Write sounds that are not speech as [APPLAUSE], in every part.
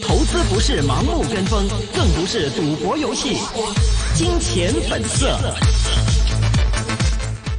投資不是盲目跟風，更不是賭博遊戲。金錢本色。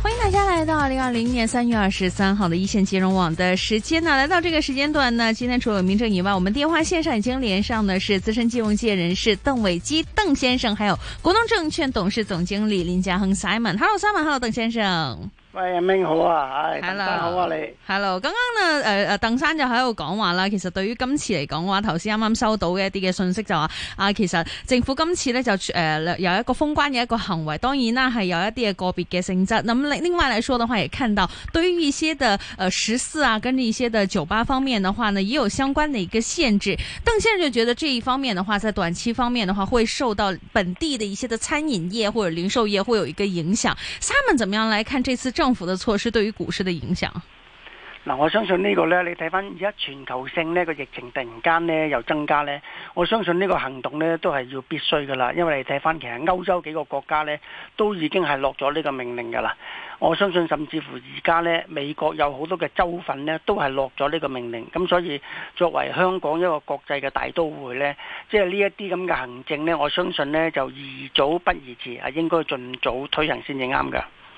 歡迎大家來到二零二零年三月二十三號的一線金融網的時間呢。來到這個時間段呢，今天除了明正以外，我們電話線上已經連上的是資深金融界人士鄧偉基鄧先生，還有國農證券董事總經理林家亨 Simon。Hello Simon，Hello 鄧先生。喂，阿明好啊！係，鄧生好啊你！你，Hello，剛剛呢，誒、呃、誒，鄧生就喺度講話啦。其實對於今次嚟講，嘅話頭先啱啱收到嘅一啲嘅信息就話，是，啊，其實政府今次咧就誒、呃、有一個封關嘅一個行為，當然啦、啊、係有一啲嘅個別嘅性質。咁另另外嚟說嘅話，也看到對於一些的，誒十四啊，跟一些的酒吧方面嘅話呢，也有相關的一個限制。鄧先生就覺得這一方面嘅話，在短期方面嘅話，會受到本地的一些的餐飲業或者零售業會有一個影響。s i 怎麼樣來看這次政府嘅措施對於股市嘅影響嗱，我相信呢個呢，你睇翻，而家全球性呢個疫情突然間呢又增加呢，我相信呢個行動呢都係要必須噶啦。因為你睇翻，其實歐洲幾個國家呢都已經係落咗呢個命令噶啦，我相信甚至乎而家呢美國有好多嘅州份呢都係落咗呢個命令。咁所以作為香港一個國際嘅大都會呢，即係呢一啲咁嘅行政呢，我相信呢就宜早不宜遲，啊，應該盡早推行先至啱噶。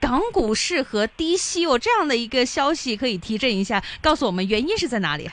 港股市和低息哦，這樣的一個消息，可以提振一下，告訴我們原因是在哪裏，啊？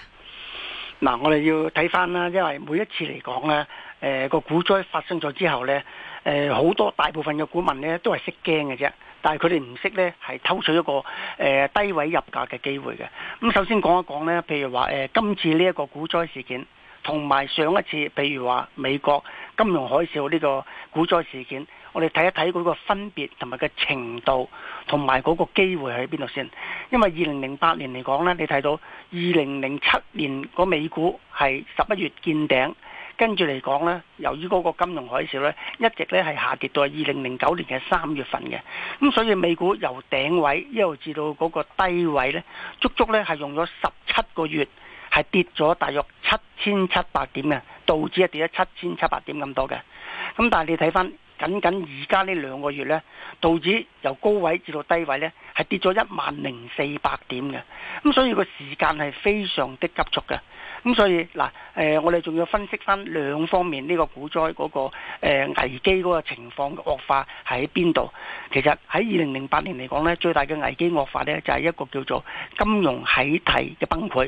嗱，我哋要睇翻啦，因為每一次嚟講咧，誒、呃、個股災發生咗之後咧，誒、呃、好多大部分嘅股民咧都係識驚嘅啫，但係佢哋唔識咧係偷取一個誒、呃、低位入價嘅機會嘅。咁、嗯、首先講一講咧，譬如話誒、呃、今次呢一個股災事件，同埋上一次，譬如話美國金融海嘯呢個股災事件。我哋睇一睇嗰個分別同埋個程度，同埋嗰個機會喺邊度先？因為二零零八年嚟講呢，你睇到二零零七年個美股係十一月見頂，跟住嚟講呢，由於嗰個金融海嘯呢，一直呢係下跌到二零零九年嘅三月份嘅。咁所以美股由頂位一路至到嗰個低位呢，足足呢係用咗十七個月，係跌咗大約七千七百點嘅道指係跌咗七千七百點咁多嘅。咁但係你睇翻。僅僅而家呢兩個月呢，道指由高位至到低位呢，係跌咗一萬零四百點嘅，咁所以個時間係非常的急促嘅，咁所以嗱，誒、呃、我哋仲要分析翻兩方面呢、呢個股災嗰個危機嗰個情況嘅惡化喺邊度？其實喺二零零八年嚟講呢，最大嘅危機惡化呢，就係一個叫做金融體系嘅崩潰。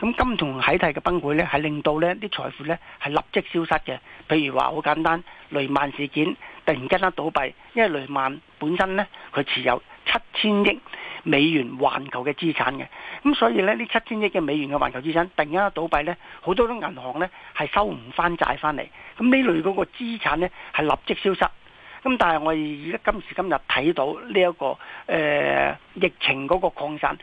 咁金融體系嘅崩潰呢，係令到呢啲財富呢係立即消失嘅。譬如話好簡單，雷曼事件突然間一倒閉，因為雷曼本身呢，佢持有七千億美元環球嘅資產嘅。咁所以呢，呢七千億嘅美元嘅環球資產突然間一倒閉呢，好多啲銀行呢係收唔翻債翻嚟。咁呢類嗰個資產呢係立即消失。咁但係我哋而家今時今日睇到呢、這、一個誒、呃、疫情嗰個擴散，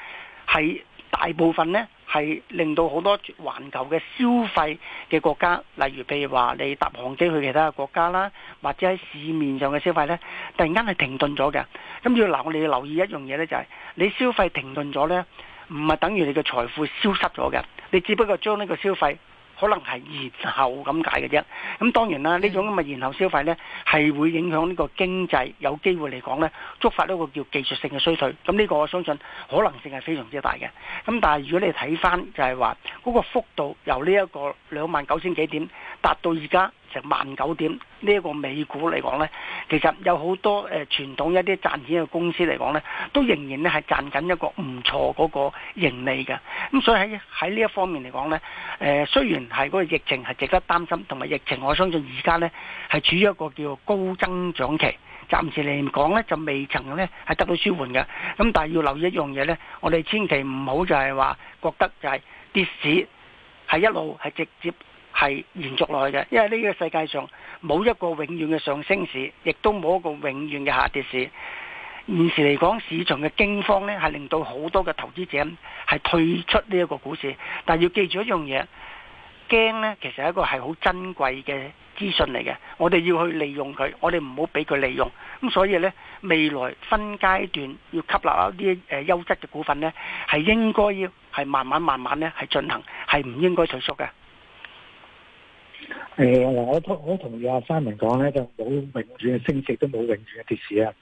係大部分呢。係令到好多環球嘅消費嘅國家，例如譬如話你搭航機去其他嘅國家啦，或者喺市面上嘅消費呢，突然間係停頓咗嘅。咁要嗱，我哋要留意一樣嘢呢，就係你消費停頓咗呢，唔係等於你嘅財富消失咗嘅，你只不過將呢個消費。可能係延後咁解嘅啫，咁當然啦，呢是的 種咁嘅延後消費咧，係會影響呢個經濟，有機會嚟講咧，觸發一個叫技術性嘅衰退。咁呢個我相信可能性係非常之大嘅。咁但係如果你睇返就係話嗰個幅度由呢一個兩萬九千幾點達到而家成萬九點呢一個美股嚟講呢，其實有好多誒傳統一啲賺錢嘅公司嚟講呢，都仍然咧係賺緊一個唔錯嗰個盈利嘅。咁所以喺喺呢一方面嚟講呢，誒雖然係嗰個疫情係值得擔心，同埋疫情我相信而家呢係處於一個叫高增長期。暫時嚟講呢就未曾呢係得到舒緩嘅。咁但係要留意一樣嘢呢，我哋千祈唔好就係話覺得就係跌市係一路係直接，係延續落去嘅，因為呢個世界上冇一個永遠嘅上升市，亦都冇一個永遠嘅下跌市。現時嚟講，市場嘅驚慌呢，係令到好多嘅投資者係退出呢一個股市。但係要記住一樣嘢，驚呢其實係一個係好珍貴嘅資訊嚟嘅。我哋要去利用佢，我哋唔好俾佢利用。咁所以呢，未來分階段要吸納一啲誒優質嘅股份呢，係應該要係慢慢慢慢呢係進行，係唔應該退縮嘅。誒，嗱、呃，我同我同阿三明講咧，就冇永遠嘅升市，都冇永遠嘅跌市啊。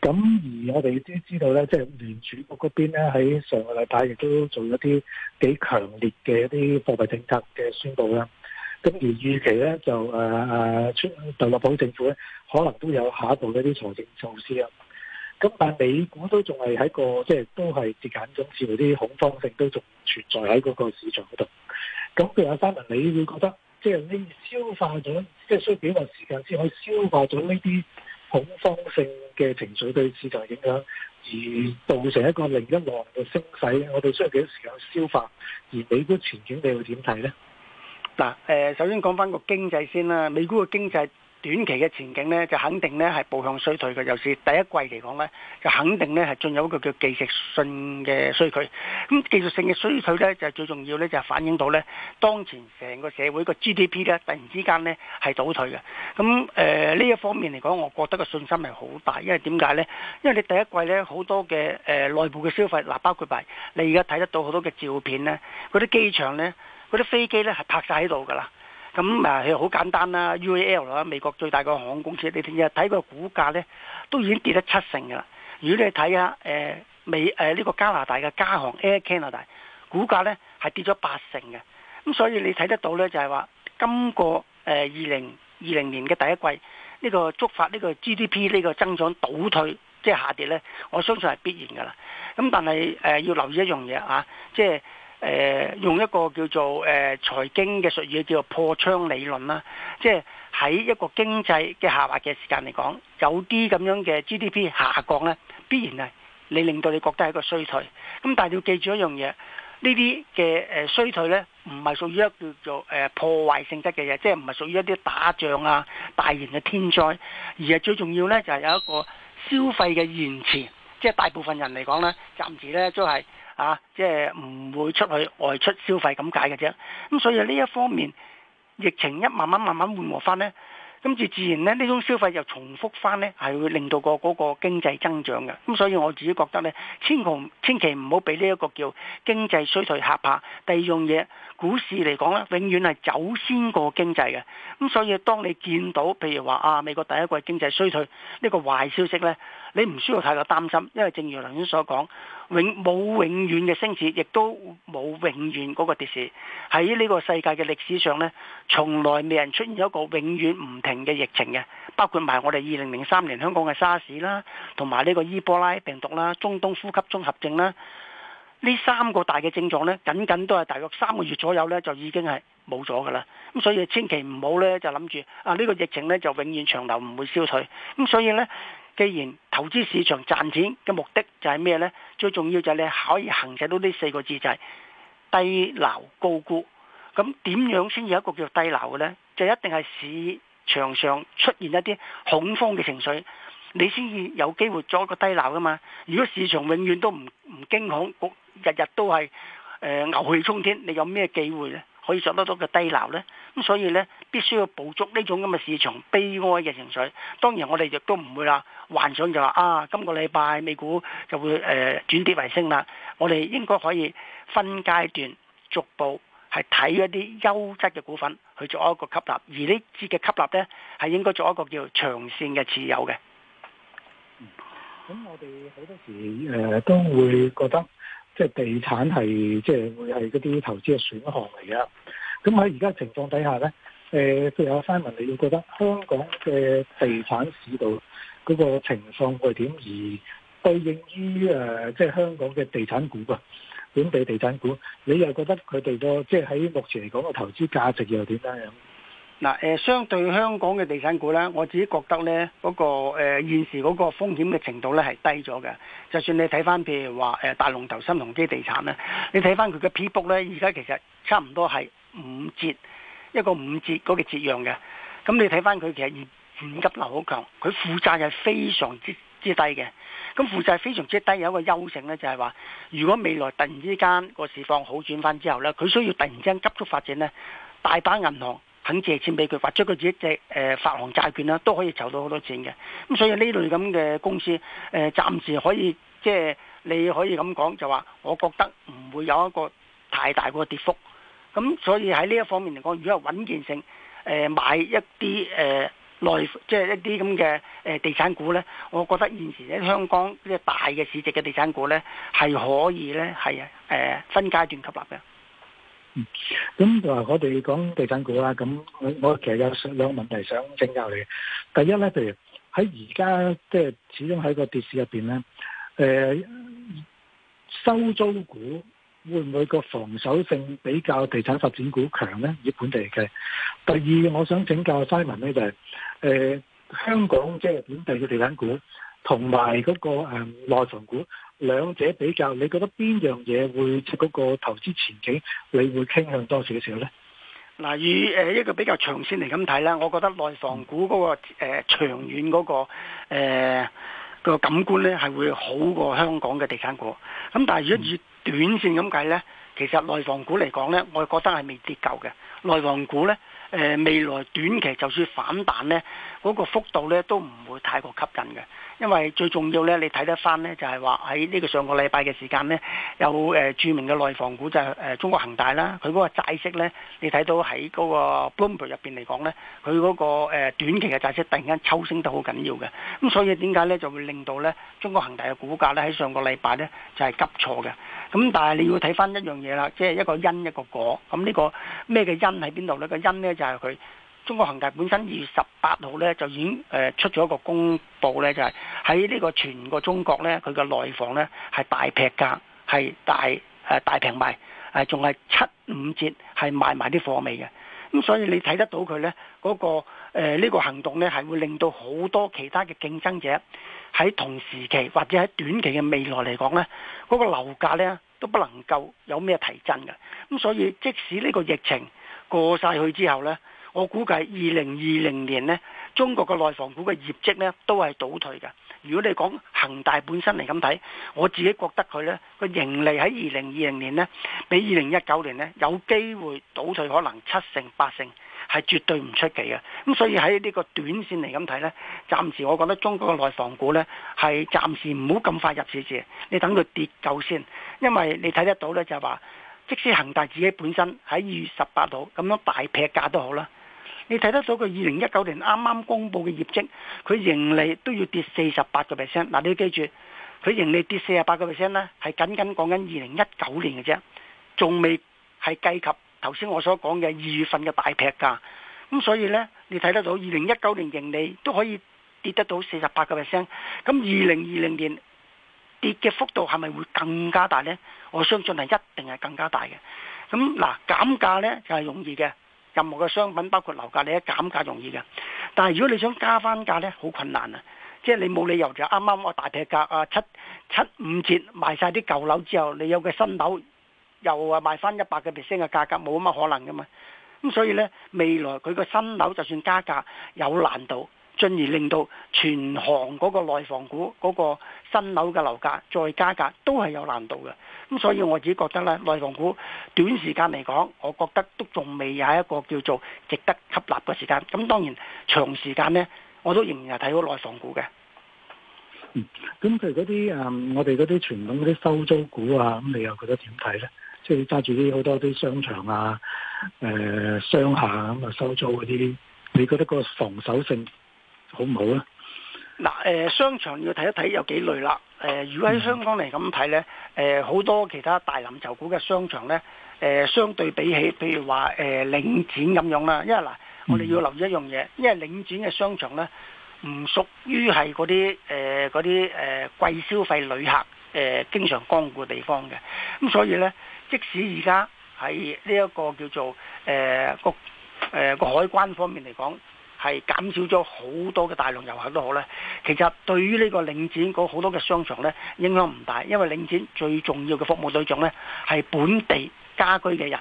咁、啊、而我哋都知道咧，即係聯儲局嗰邊咧，喺上個禮拜亦都做咗啲幾強烈嘅一啲貨幣政策嘅宣布啦。咁、啊、而預期咧就誒誒，出特朗普政府咧可能都有下一步一啲財政措施啊。咁但係美股都仲係喺個即係都係跌緊，甚至乎啲恐慌性都仲存在喺嗰個市場嗰度。咁、啊、譬如阿、啊、三明，你會覺得？即係你消化咗，即係需要幾耐時間先可以消化咗呢啲恐慌性嘅情緒對市場影響，而造成一個另一浪嘅升勢。我哋需要幾多時間去消化？而美股前景你會點睇咧？嗱，誒，首先講翻個經濟先啦，美股嘅經濟。短期嘅前景咧，就肯定咧係步向衰退嘅。尤其是第一季嚟講咧，就肯定咧係進入一個叫技術性嘅衰退。咁技術性嘅衰退咧，就最重要咧就反映到咧，當前成個社會個 GDP 咧突然之間咧係倒退嘅。咁誒呢一方面嚟講，我覺得個信心係好大，因為點解咧？因為你第一季咧好多嘅誒內部嘅消費，嗱包括埋你而家睇得到好多嘅照片咧，嗰啲機場咧，嗰啲飛機咧係拍晒喺度噶啦。咁誒，好、嗯、簡單啦，UAL 啦，美國最大嘅航空公司，你聽日睇個股價呢，都已經跌得七成噶啦。如果你睇下誒美誒呢、呃呢個加拿大嘅加航 Air Canada，股價呢係跌咗八成嘅。咁、嗯、所以你睇得到呢，就係、是、話今個誒二零二零年嘅第一季，呢、呢個觸發呢個 GDP 呢個增長倒退，即、就、係、是、下跌呢，我相信係必然噶啦。咁、嗯、但係誒、呃、要留意一樣嘢啊，即係。誒、呃、用一個叫做誒、呃、財經嘅術語叫做破窗理論啦，即係喺一個經濟嘅下滑嘅時間嚟講，有啲咁樣嘅 GDP 下降呢，必然係你令到你覺得係一個衰退。咁但係要記住一樣嘢，呢啲嘅誒衰退呢，唔係屬於一個叫做誒破壞性質嘅嘢，即係唔係屬於一啲打仗啊、大型嘅天災，而係最重要呢，就係、是、有一個消費嘅延遲。即係大部分人嚟講呢暫時呢都係、就是、啊，即係唔會出去外出消費咁解嘅啫。咁、嗯、所以呢一方面疫情一慢慢慢慢緩和翻呢，跟、嗯、住自然呢呢種消費又重複翻呢係會令到個嗰個經濟增長嘅。咁、嗯、所以我自己覺得呢，千祈千祈唔好俾呢一個叫經濟衰退嚇怕。第二樣嘢，股市嚟講呢，永遠係走先過經濟嘅。咁、嗯、所以當你見到譬如話啊，美國第一季經濟衰退呢、呢個壞消息呢，你唔需要太過擔心，因為正如梁生所講，永冇永遠嘅升市，亦都冇永遠嗰個跌市。喺呢個世界嘅歷史上呢，從來未人出現一個永遠唔停嘅疫情嘅。包括埋我哋二零零三年香港嘅沙士啦，同埋呢個伊波拉病毒啦、中東呼吸綜合症啦，呢三個大嘅症狀呢，僅僅都係大約三個月左右了了呢，就已經係冇咗噶啦。咁所以千祈唔好呢，就諗住啊呢個疫情呢，就永遠長流唔會消退。咁所以呢，既然投資市場賺錢嘅目的就係咩呢？最重要就係你可以行出到呢四個字就係、是、低撈高沽。咁點樣先有一個叫低撈呢？就一定係市場上出現一啲恐慌嘅情緒，你先至有機會做一個低撈噶嘛。如果市場永遠都唔唔驚恐，日日都係誒、呃、牛氣沖天，你有咩機會呢？可以做得到嘅低樓呢，咁所以呢，必須要捕捉呢種咁嘅市場悲哀嘅情緒。當然我，我哋亦都唔會喇幻想就話啊，今個禮拜美股就會誒轉、呃、跌為升啦。我哋應該可以分階段逐步係睇一啲優質嘅股份去做一個吸納，而呢啲嘅吸納呢，係應該做一個叫長線嘅持有嘅。咁、嗯、我哋好多時、呃、都會覺得。即係地產係即係會係嗰啲投資嘅選項嚟嘅，咁喺而家情況底下咧，誒、呃，譬如阿 Simon，你要覺得香港嘅地產市道嗰個情況會點，而對應於誒、呃、即係香港嘅地產股啊，本地地產股，你又覺得佢哋個即係喺目前嚟講個投資價值又點樣？嗱，誒，相對香港嘅地產股咧，我自己覺得咧，嗰、那個誒、呃、現時嗰個風險嘅程度咧係低咗嘅。就算你睇翻譬如話誒、呃、大龍頭新隆基地產咧，你睇翻佢嘅 P book 咧，而家其實差唔多係五折，一個五折嗰、那個折讓嘅。咁你睇翻佢其實現現金流好強，佢負債係非常之之低嘅。咁負債非常之低有一個優勝咧，就係、是、話如果未來突然之間個市況好轉翻之後咧，佢需要突然之間急速發展咧，大把銀行肯借錢俾佢，或者佢自己借誒發行債券啦，都可以籌到好多錢嘅。咁所以呢類咁嘅公司誒，暫時可以即係你可以咁講，就話我覺得唔會有一個太大個跌幅。咁所以喺呢一方面嚟講，如果係穩健性誒買一啲誒內即係一啲咁嘅誒地產股咧，我覺得現時喺香港即係大嘅市值嘅地產股咧，係可以咧係誒分階段吸納嘅。咁就、嗯、我哋講地產股啦，咁我其實有兩個問題想請教你。第一咧，譬如喺而家即係始終喺個跌市入邊咧，誒、呃，收租股會唔會個防守性比較地產發展股強咧？以本地嚟計。第二，我想請教 Simon 咧，就係誒，香港即係、就是、本地嘅地產股，同埋嗰個誒內、嗯、房股。兩者比較，你覺得邊樣嘢會即係嗰個投資前景，你會傾向多少少咧？嗱，以誒一個比較長線嚟咁睇呢，我覺得內房股嗰、嗰個誒、呃、長遠嗰、嗰個、呃、感官咧，係會好過香港嘅地產股。咁但係如果以短線咁計呢，其實內房股嚟講呢，我覺得係未跌夠嘅。內房股呢，誒、呃、未來短期就算反彈呢，嗰、嗰個幅度呢都唔會太過吸引嘅。因為最重要呢，你睇得翻呢就係話喺呢個上個禮拜嘅時間呢，有誒、呃、著名嘅內房股就係、是、誒、呃、中國恒大啦。佢嗰個債息呢，你睇到喺嗰個 Bloomberg 入邊嚟講呢，佢嗰、那個、呃、短期嘅債息突然間抽升得好緊要嘅。咁所以點解呢就會令到呢中國恒大嘅股價呢喺上個禮拜呢就係、是、急挫嘅。咁但係你要睇翻一樣嘢啦，即係一個因一個果。咁呢、這個咩嘅因喺邊度呢？那個因呢、那個、因就係佢。中國恒大本身二月十八號咧就已經誒出咗一個公佈咧，就係喺呢個全個中國咧，佢嘅內房咧係大劈價，係大誒大平賣，係仲係七五折係賣埋啲貨未嘅。咁所以你睇得到佢咧嗰個誒呢個行動咧，係會令到好多其他嘅競爭者喺同時期或者喺短期嘅未來嚟講咧，嗰、嗰個樓價咧都不能夠有咩提振嘅。咁所以即使呢個疫情過晒去之後咧，我估計二零二零年呢，中國嘅內房股嘅業績呢都係倒退嘅。如果你講恒大本身嚟咁睇，我自己覺得佢呢個盈利喺二零二零年呢比二零一九年呢有機會倒退，可能七成八成係絕對唔出奇嘅。咁所以喺呢個短線嚟咁睇呢，暫時我覺得中國嘅內房股呢係暫時唔好咁快入市住，你等佢跌夠先。因為你睇得到呢就係話即使恒大自己本身喺二月十八度咁樣大劈價都好啦。你睇得到佢二零一九年啱啱公布嘅業績，佢盈利都要跌四十八個 percent。嗱，你要記住，佢盈利跌四十八個 percent 呢，係僅僅講緊二零一九年嘅啫，仲未係計及頭先我所講嘅二月份嘅大劈價。咁所以呢，你睇得到二零一九年盈利都可以跌得到四十八個 percent。咁二零二零年跌嘅幅度係咪會更加大呢？我相信係一定係更加大嘅。咁嗱，減價呢就係容易嘅。任何嘅商品，包括樓價，你喺減價容易嘅，但係如果你想加翻價咧，好困難啊！即係你冇理由就啱啱我大劈價啊，七七五折賣晒啲舊樓之後，你有個新樓又啊賣翻一百個 percent 嘅價格，冇乜可能嘅嘛！咁所以咧，未來佢個新樓就算加價有難度。進而令到全行嗰個內房股嗰個新樓嘅樓價再加價都係有難度嘅，咁所以我只覺得咧，內房股短時間嚟講，我覺得都仲未有一個叫做值得吸納嘅時間。咁當然長時間咧，我都仍然係睇好內房股嘅。咁譬、嗯、如嗰啲誒，我哋嗰啲傳統嗰啲收租股啊，咁你又覺得點睇咧？即係揸住啲好多啲商場啊、誒、呃、商廈咁啊收租嗰啲，你覺得個防守性好唔好咧？嗱，誒、呃、商場要睇一睇有幾類啦。誒、呃，如果喺香港嚟咁睇呢，誒、呃、好多其他大藍籌股嘅商場呢，誒、呃、相對比起，譬如話誒、呃、領展咁樣啦。因為嗱，嗯、我哋要留意一樣嘢，因為領展嘅商場呢，唔屬於係嗰啲誒啲誒貴消費旅客誒、呃、經常光顧嘅地方嘅。咁所以呢，即使而家喺呢一個叫做誒、呃、個誒、呃、個海關方面嚟講，係減少咗好多嘅大量遊客都好咧，其實對於呢個領展嗰好多嘅商場咧，影響唔大，因為領展最重要嘅服務對象咧，係本地家居嘅人，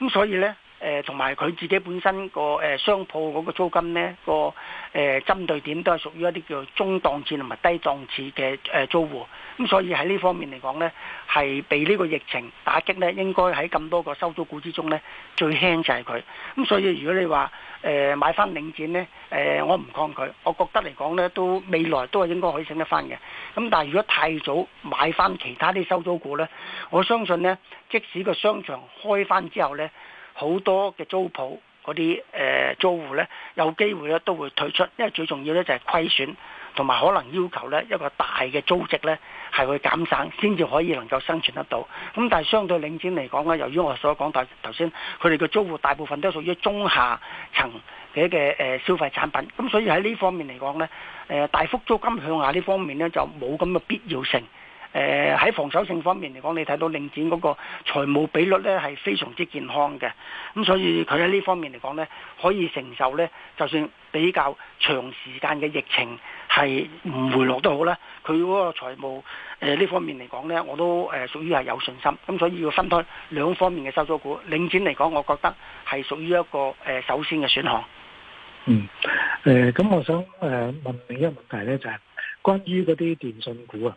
咁所以咧。誒同埋佢自己本身個誒商鋪嗰個租金呢，個誒針對點都係屬於一啲叫中檔次同埋低檔次嘅誒租戶，咁所以喺呢方面嚟講呢，係被呢個疫情打擊呢，應該喺咁多個收租股之中呢，最輕就係佢。咁所以如果你話誒、呃、買翻領展呢，誒、呃、我唔抗拒，我覺得嚟講呢，都未來都係應該可以升得翻嘅。咁但係如果太早買翻其他啲收租股呢，我相信呢，即使個商場開翻之後呢。好多嘅租鋪嗰啲誒租戶咧，有機會咧都會退出，因為最重要咧就係虧損，同埋可能要求咧一個大嘅租值咧係會減省，先至可以能夠生存得到。咁但係相對領展嚟講咧，由於我所講大頭先，佢哋嘅租戶大部分都屬於中下層嘅嘅誒消費產品，咁所以喺呢方面嚟講咧，誒大幅租金向下呢方面咧就冇咁嘅必要性。誒喺、呃、防守性方面嚟講，你睇到領展嗰個財務比率咧係非常之健康嘅，咁、嗯、所以佢喺呢方面嚟講咧，可以承受咧，就算比較長時間嘅疫情係唔回落都好啦，佢嗰個財務呢、呃、方面嚟講咧，我都誒屬於係有信心，咁、嗯、所以要分開兩方面嘅收租股，領展嚟講，我覺得係屬於一個誒、呃、首先嘅選項。嗯。誒、呃、咁，我想誒問另一個問題咧、就是，就係關於嗰啲電信股啊。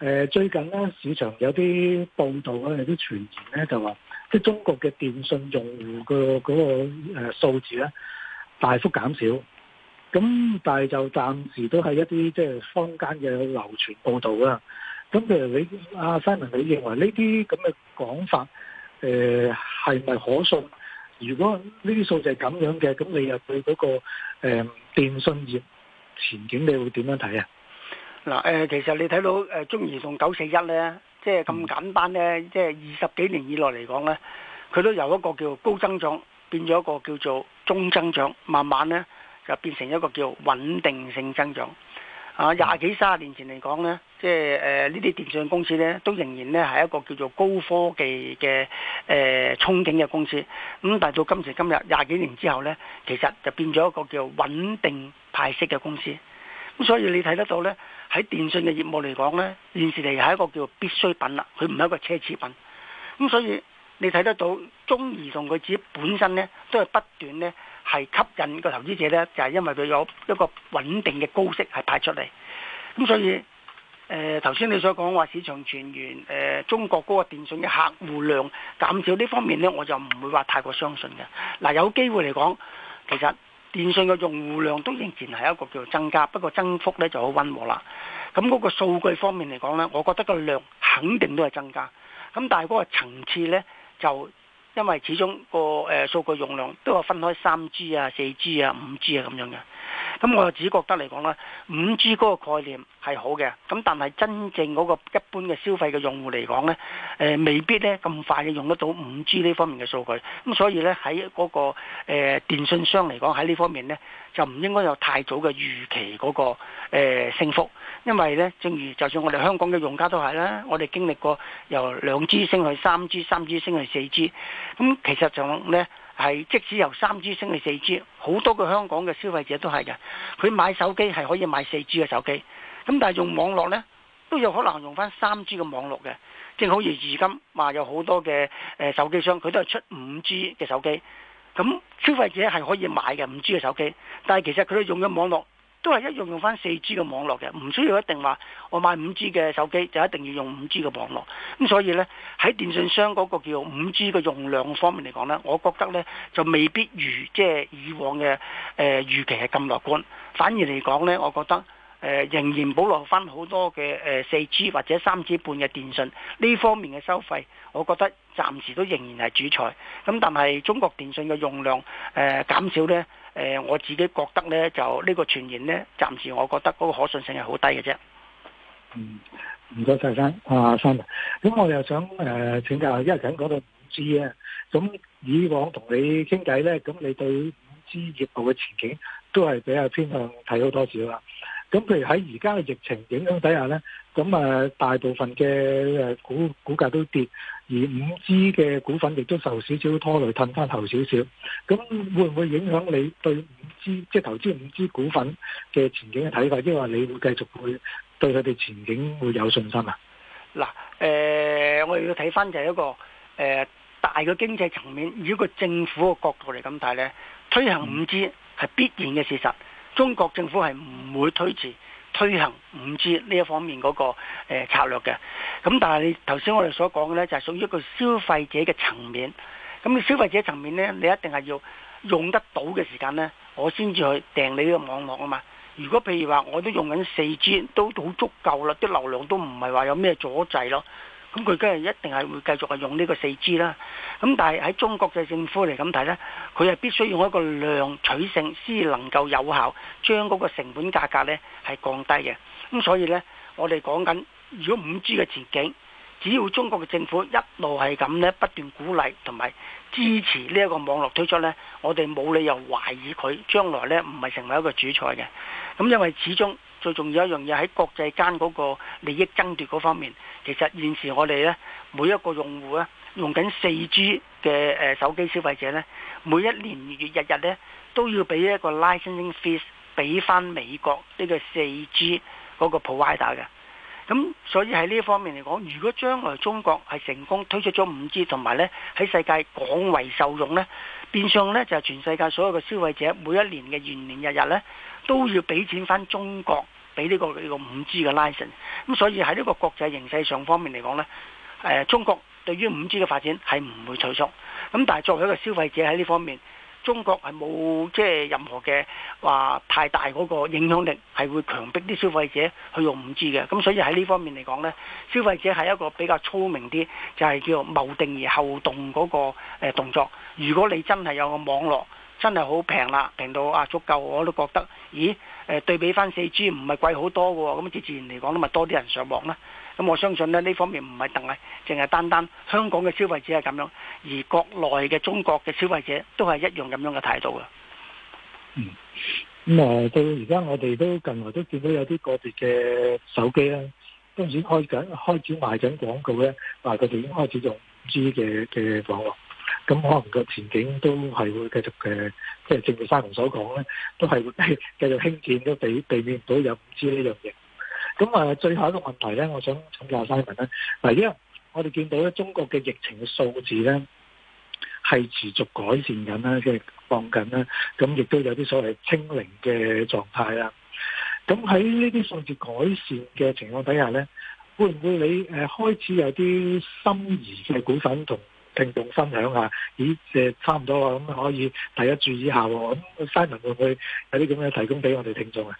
誒最近咧，市場有啲報道咧，有啲傳言咧，就話即係中國嘅電信用戶個嗰個誒數字咧，大幅減少。咁但係就暫時都係一啲即係坊間嘅流傳報道啦。咁譬如你阿、啊、Simon，你認為呢啲咁嘅講法誒係咪可信？如果呢啲數字係咁樣嘅，咁你又對嗰、嗰個誒、呃、電信業前景你會點樣睇啊？嗱，誒，其實你睇到誒中移動九四一咧，即係咁簡單咧，即係二十幾年以來嚟講咧，佢都由一個叫高增長變咗一個叫做中增長，慢慢咧就變成一個叫做穩定性增長。啊，廿幾三十年前嚟講咧，即係誒呢啲電訊公司咧，都仍然咧係一個叫做高科技嘅誒、呃、憧憬嘅公司。咁但係到今時今日，廿幾年之後咧，其實就變咗一個叫做穩定派息嘅公司。咁所以你睇得到咧，喺電信嘅業務嚟講呢，電視嚟係一個叫做必需品啦，佢唔係一個奢侈品。咁所以你睇得到中移動佢自己本身呢，都係不斷呢係吸引個投資者呢，就係因為佢有一個穩定嘅高息係派出嚟。咁所以誒頭先你所講話市場傳言誒中國嗰個電信嘅客戶量減少呢方面呢，我就唔會話太過相信嘅。嗱，有機會嚟講，其實電信嘅用戶量都仍然係一個叫做增加，不過增幅呢就好溫和啦。咁嗰個數據方面嚟講咧，我覺得個量肯定都係增加。咁但係嗰個層次咧，就因為始終個誒數據容量都係分開三 G 啊、四 G 啊、五 G 啊咁樣嘅。咁我只覺得嚟講咧，五 G 嗰個概念係好嘅，咁但係真正嗰個一般嘅消費嘅用戶嚟講咧，誒、呃、未必咧咁快嘅用得到五 G 呢方面嘅數據。咁所以咧喺嗰個誒、呃、電信商嚟講喺呢方面咧，就唔應該有太早嘅預期嗰、嗰個升、呃、幅，因為咧正如就算我哋香港嘅用家都係啦，我哋經歷過由兩 G 升去三 G，三 G 升去四 G，咁、嗯、其實就咧。係，即使由三 G 升到四 G，好多個香港嘅消費者都係嘅。佢買手機係可以買四 G 嘅手機，咁但係用網絡呢，都有可能用翻三 G 嘅網絡嘅。正好似而今話有好多嘅誒手機商，佢都係出五 G 嘅手機，咁消費者係可以買嘅五 G 嘅手機，但係其實佢哋用咗網絡，都係一樣用翻 4G 嘅網絡嘅，唔需要一定話我買 5G 嘅手機就一定要用 5G 嘅網絡。咁所以呢，喺電信商嗰個叫 5G 嘅用量方面嚟講呢，我覺得呢就未必如即係、就是、以往嘅誒、呃、預期係咁樂觀，反而嚟講呢，我覺得。誒，仍然保留翻好多嘅誒四 G 或者三 G 半嘅電信呢方面嘅收費，我覺得暫時都仍然係主菜。咁但係中國電信嘅用量誒減少咧，誒我自己覺得咧就呢個傳言咧，暫時我覺得嗰個可信性係好低嘅啫。嗯，唔該晒，亨生啊，阿山。咁我又想誒請教，因為講到五 G 啊，咁以往同你傾偈咧，咁你對五 G 業務嘅前景都係比較偏向睇好多少啊？咁譬如喺而家嘅疫情影響底下咧，咁誒大部分嘅誒股股價都跌，而五 G 嘅股份亦都受少少拖累，褪翻後少少。咁會唔會影響你對五 G 即係投資五 G 股份嘅前景嘅睇法？即係話你會繼續會對佢哋前景會有信心啊？嗱、嗯，誒、呃、我哋要睇翻就係一個誒、呃、大嘅經濟層面，如果個政府嘅角度嚟咁睇咧，推行五 G 係必然嘅事實。中國政府係唔會推遲推行五 G 呢一方面嗰個誒策略嘅。咁但係你頭先我哋所講嘅呢，就係屬於一個消費者嘅層面。咁消費者層面呢，你一定係要用得到嘅時間呢，我先至去訂你呢個網絡啊嘛。如果譬如話我都用緊四 G，都好足夠啦，啲流量都唔係話有咩阻滯咯。咁佢梗係一定係會繼續，係用呢個四 G 啦，咁但係喺中國嘅政府嚟咁睇咧，佢係必須用一個量取勝先能夠有效將嗰個成本價格咧係降低嘅。咁所以咧，我哋講緊，如果五 G 嘅前景，只要中國嘅政府一路係咁咧不斷鼓勵同埋支持呢一個網絡推出咧，我哋冇理由懷疑佢將來咧唔係成為一個主菜嘅。咁因為始終。最重要一樣嘢，喺國際間嗰個利益爭奪嗰方面，其實現時我哋咧每一個用戶咧用緊四 G 嘅誒手機消費者咧，每一年月日日咧都要俾一個 licensing fees 俾翻美國呢個四 G 嗰個 provider 嘅。咁所以喺呢一方面嚟講，如果將來中國係成功推出咗五 G 同埋咧喺世界廣為受用咧，變相咧就係、是、全世界所有嘅消費者每一年嘅元年日日咧。都要俾錢返中國，俾呢個呢個五 G 嘅 license。咁所以喺呢個國際形勢上方面嚟講呢，誒中國對於五 G 嘅發展係唔會退縮。咁但係作為一個消費者喺呢方面，中國係冇即係任何嘅話太大嗰個影響力，係會強迫啲消費者去用五 G 嘅。咁所以喺呢方面嚟講呢，消費者係一個比較聰明啲，就係叫謀定而後動嗰個誒動作。如果你真係有個網絡，真係好平啦，平到啊足夠，我都覺得，咦？誒、呃、對比翻四 G 唔係貴好多嘅喎，咁自自然嚟講，都咪多啲人上網啦。咁我相信咧，呢方面唔係凈係，淨係單單香港嘅消費者係咁樣，而國內嘅中國嘅消費者都係一樣咁樣嘅態度嘅。嗯，咁、呃、啊，到而家我哋都近來都見到有啲個別嘅手機咧，開始開緊開始賣緊廣告咧，話佢哋已經開始用五 G 嘅嘅網絡。咁可能個前景都係會繼續嘅，即係正如沙文所講咧，都係會繼續興建，都避避免唔到有唔知呢樣嘢。咁啊，最後一個問題咧，我想請教沙文咧，嗱，因為我哋見到咧，中國嘅疫情嘅數字咧係持續改善緊啦，即係放緊啦，咁亦都有啲所謂清零嘅狀態啦。咁喺呢啲數字改善嘅情況底下咧，會唔會你誒開始有啲心儀嘅股份同？聽眾分享下，咦，誒，差唔多啊，咁可以大家注意下。咁 Simon 會唔會有啲咁樣提供俾我哋聽眾啊？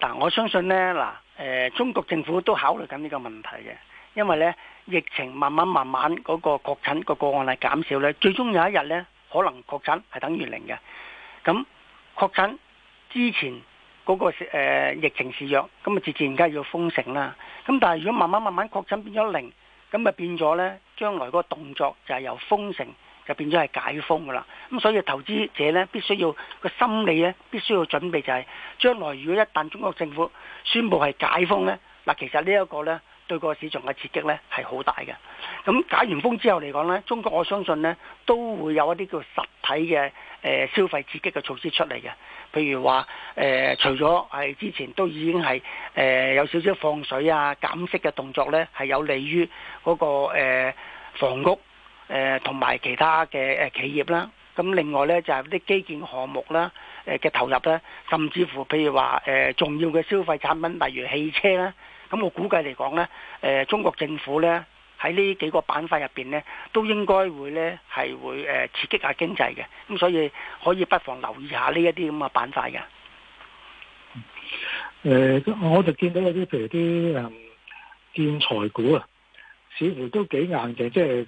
嗱，我相信咧，嗱，誒，中國政府都考慮緊呢個問題嘅，因為咧，疫情慢慢慢慢嗰個確診個個案係減少咧，最終有一日咧，可能確診係等於零嘅。咁確診之前嗰個誒疫情示弱，咁啊，自然而家要封城啦。咁但係如果慢慢慢慢確診變咗零。咁啊變咗咧，將來嗰個動作就係由封城就變咗係解封噶啦。咁所以投資者咧，必須要個心理咧，必須要準備就係、是、將來如果一旦中國政府宣布係解封咧，嗱，其實呢一個咧對個市場嘅刺激咧係好大嘅。咁解完封之後嚟講咧，中國我相信咧都會有一啲叫實體嘅。消費刺激嘅措施出嚟嘅，譬如話誒、呃，除咗係之前都已經係誒、呃、有少少放水啊、減息嘅動作呢，係有利於嗰、那個、呃、房屋誒同埋其他嘅誒企業啦。咁另外呢，就係、是、啲基建項目啦，誒嘅投入啦，甚至乎譬如話誒、呃、重要嘅消費產品，例如汽車啦，咁我估計嚟講呢，誒、呃、中國政府呢。喺呢幾個板塊入邊咧，都應該會咧係會誒刺激下經濟嘅，咁、嗯、所以可以不妨留意下呢一啲咁嘅板塊嘅。誒、呃，我就見到有啲譬如啲誒建材股啊，似乎都幾硬嘅。即係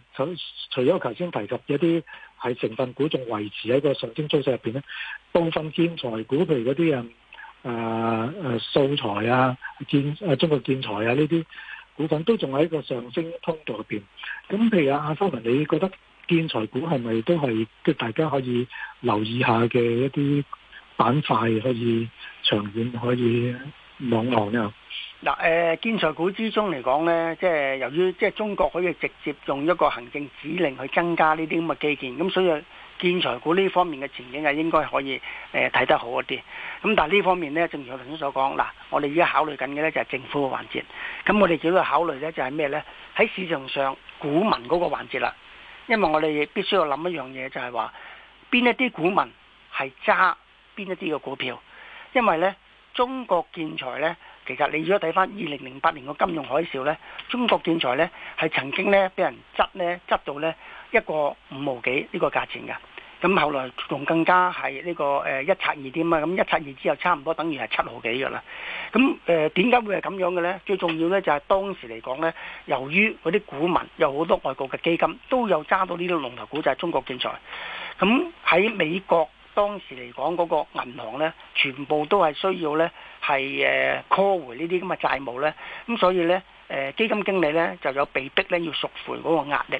除咗頭先提及一啲係成分股，仲維持喺個上升趨勢入邊咧，部分建材股，譬如嗰啲誒誒誒素材啊、建誒中國建材啊呢啲。股份都仲喺一個上升通道入邊，咁譬如啊，阿 Stephen，你覺得建材股係咪都係即係大家可以留意下嘅一啲板塊，可以長遠可以望落呢？嗱，誒，建材股之中嚟講咧，即係由於即係中國可以直接用一個行政指令去增加呢啲咁嘅基建，咁所以。建材股呢方面嘅前景係應該可以誒睇、呃、得好一啲，咁但係呢方面呢，正如我頭先所講，嗱，我哋而家考慮緊嘅呢就係政府嘅環節，咁我哋主要考慮呢就係咩呢？喺市場上股民嗰個環節啦，因為我哋必須要諗一樣嘢，就係話邊一啲股民係揸邊一啲嘅股票，因為呢中國建材呢，其實你如果睇返二零零八年個金融海嘯呢，中國建材呢係曾經呢俾人執呢執到呢一個五毫幾呢個價錢㗎。咁後來仲更加係呢個誒一拆二添啊！咁一拆二之後差唔多等於係七毫幾㗎啦。咁誒點解會係咁樣嘅呢？最重要呢就係當時嚟講呢，由於嗰啲股民有好多外國嘅基金都有揸到呢啲龍頭股，就係中國建材。咁喺美國當時嚟講嗰個銀行呢全部都係需要呢係誒 call 回呢啲咁嘅債務呢。咁所以呢，誒基金經理呢就有被逼呢要贖回嗰個壓力。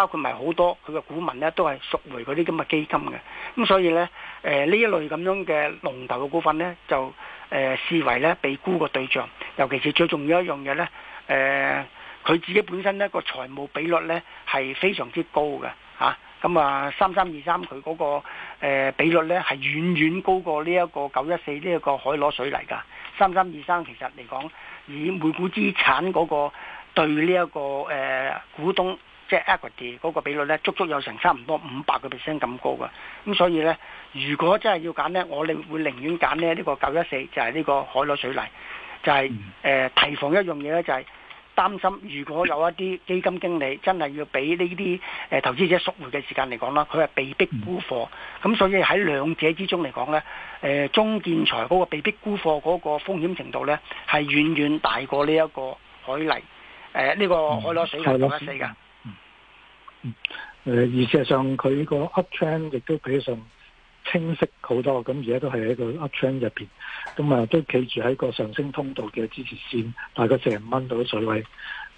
包括埋好多佢嘅股民咧，都係贖回嗰啲咁嘅基金嘅，咁所以咧，誒、呃、呢一類咁樣嘅龍頭嘅股份咧，就誒、呃、視為咧被沽嘅對象，尤其是最重要一樣嘢咧，誒、呃、佢自己本身咧個財務比率咧係非常之高嘅，吓，咁啊三三二三佢嗰個誒、呃、比率咧係遠遠高過呢一個九一四呢一個海螺水泥噶，三三二三其實嚟講以每股資產嗰、那個對呢、這、一個誒、呃、股東。即係 equity 嗰個比率咧，足足有成差唔多五百個 percent 咁高噶。咁所以咧，如果真係要揀呢，我哋會寧願揀咧呢、呢個九一四，就係呢個海螺水泥。就係、是、誒、呃、提防一樣嘢咧，就係、是、擔心如果有一啲基金經理真係要俾呢啲誒投資者贖回嘅時間嚟講啦，佢係被逼沽貨咁，嗯、所以喺兩者之中嚟講咧，誒、呃、中建材嗰個被逼沽貨嗰個風險程度咧係遠遠大過呢一個海泥誒呢、呃呢個海螺水泥九一四㗎。誒，而事實上佢個 uptrend 亦都比上清晰好多，咁而家都係喺個 uptrend 入邊，咁啊都企住喺個上升通道嘅支持線，大概四十蚊到水位，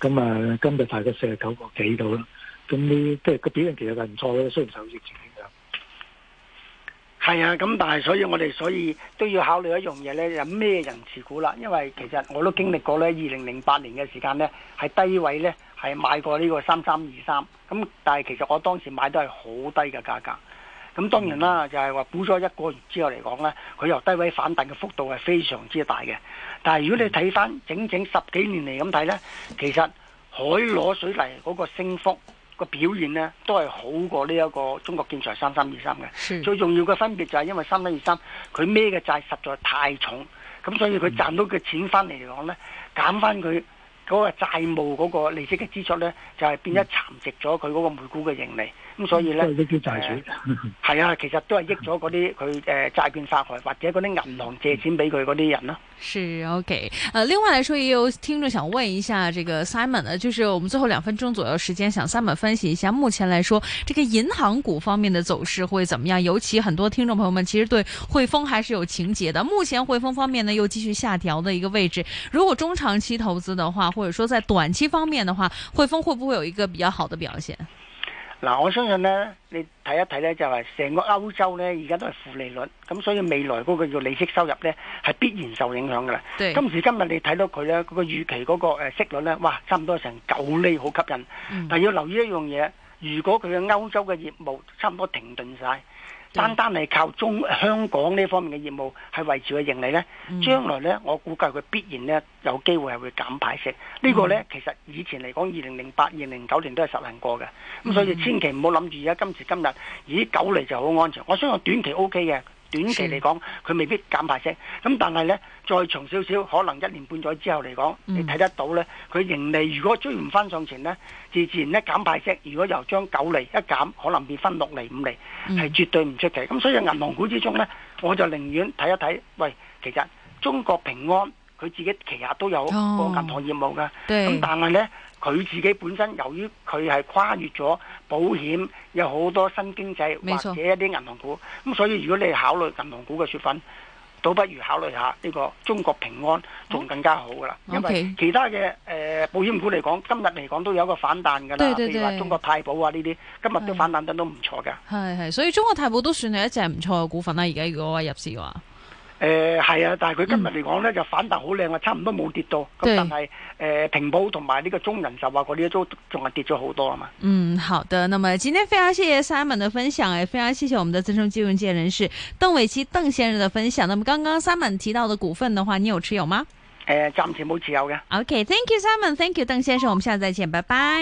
咁啊今日大概四十九個幾度啦，咁呢即係個表現其實係唔錯嘅，雖然受疫情影響。係啊，咁但係所以我哋所以都要考慮一樣嘢咧，有咩人持股啦？因為其實我都經歷過咧，二零零八年嘅時間咧，係低位咧。係買過呢個三三二三，咁但係其實我當時買都係好低嘅價格，咁當然啦，就係話沽咗一個月之後嚟講呢，佢由低位反彈嘅幅度係非常之大嘅。但係如果你睇翻整整十幾年嚟咁睇呢，其實海螺水泥嗰個升幅個表現呢，都係好過呢一個中國建材三三二三嘅。的最重要嘅分別就係因為三三二三佢孭嘅債實在太重，咁所以佢賺到嘅錢翻嚟嚟講呢，減翻佢。嗰個債務嗰個利息嘅支出咧，就係、是、變咗蠶食咗佢嗰個每股嘅盈利。咁、嗯、所以咧，係啊、呃， [LAUGHS] 其實都係益咗嗰啲佢誒債券發行或者嗰啲銀行借錢俾佢嗰啲人咯、啊。是 OK，誒、呃、另外嚟講，也有聽眾想問一下，這個 Simon 啊，就是我們最後兩分鐘左右時間，想 Simon 分析一下目前嚟講，這個銀行股方面的走勢會點樣？尤其很多聽眾朋友們其實對匯豐還是有情結的。目前匯豐方面呢又繼續下調的一個位置。如果中長期投資的話，或者說在短期方面的話，匯豐會不會有一個比較好的表現？嗱，我相信呢，你睇一睇呢，就係成個歐洲呢，而家都係負利率，咁所以未來嗰個叫利息收入呢，係必然受影響噶啦。對今時今日你睇到佢呢，嗰個預期嗰個息率呢，哇，差唔多成九厘，好吸引。嗯、但要留意一樣嘢，如果佢嘅歐洲嘅業務差唔多停頓晒。單單係靠中香港呢方面嘅業務係維持嘅盈利呢，嗯、將來呢，我估計佢必然呢，有機會係會減派息。呢這個呢，其實以前嚟講，二零零八、二零零九年都係實行過嘅。咁、嗯、所以千祈唔好諗住而家今時今日咦久嚟就好安全。我相信短期 O K 嘅。短期嚟講，佢未必減派息。咁但係咧，再長少少，可能一年半載之後嚟講，你睇得到咧，佢盈利如果追唔翻上前咧，自然咧減派息。如果由將九釐一減，可能變翻六釐五釐，係絕對唔出奇。咁所以銀行股之中咧，我就寧願睇一睇。喂，其實中國平安佢自己旗下都有個銀行業務㗎。咁但係咧。佢自己本身由於佢係跨越咗保險，有好多新經濟或者一啲銀行股，咁錯、嗯、所以如果你考慮銀行股嘅説法，倒不如考慮下呢個中國平安仲、哦、更加好噶啦。因為其他嘅誒、呃、保險股嚟講，今日嚟講都有個反彈噶啦，譬如話中國太保啊呢啲，今日都反彈得都唔錯噶。係係，所以中國太保都算係一隻唔錯嘅股份啦。而家如果入市嘅話。誒，係、呃、啊，但係佢今日嚟講咧就反彈好靚啊，差唔多冇跌到。咁對但係誒、呃，平保同埋呢個中人壽啊嗰啲都仲係跌咗好多啊嘛。嗯，好的。那麼今天非常謝謝 Simon 嘅分享誒，非常謝謝我們的資深金融界人士鄧偉基鄧先生嘅分享。那麼剛剛 Simon 提到嘅股份的話，你有持有嗎？誒、呃，暫時冇持有嘅。OK，thank you，Simon，thank you，鄧先生，我們下次再見，拜拜。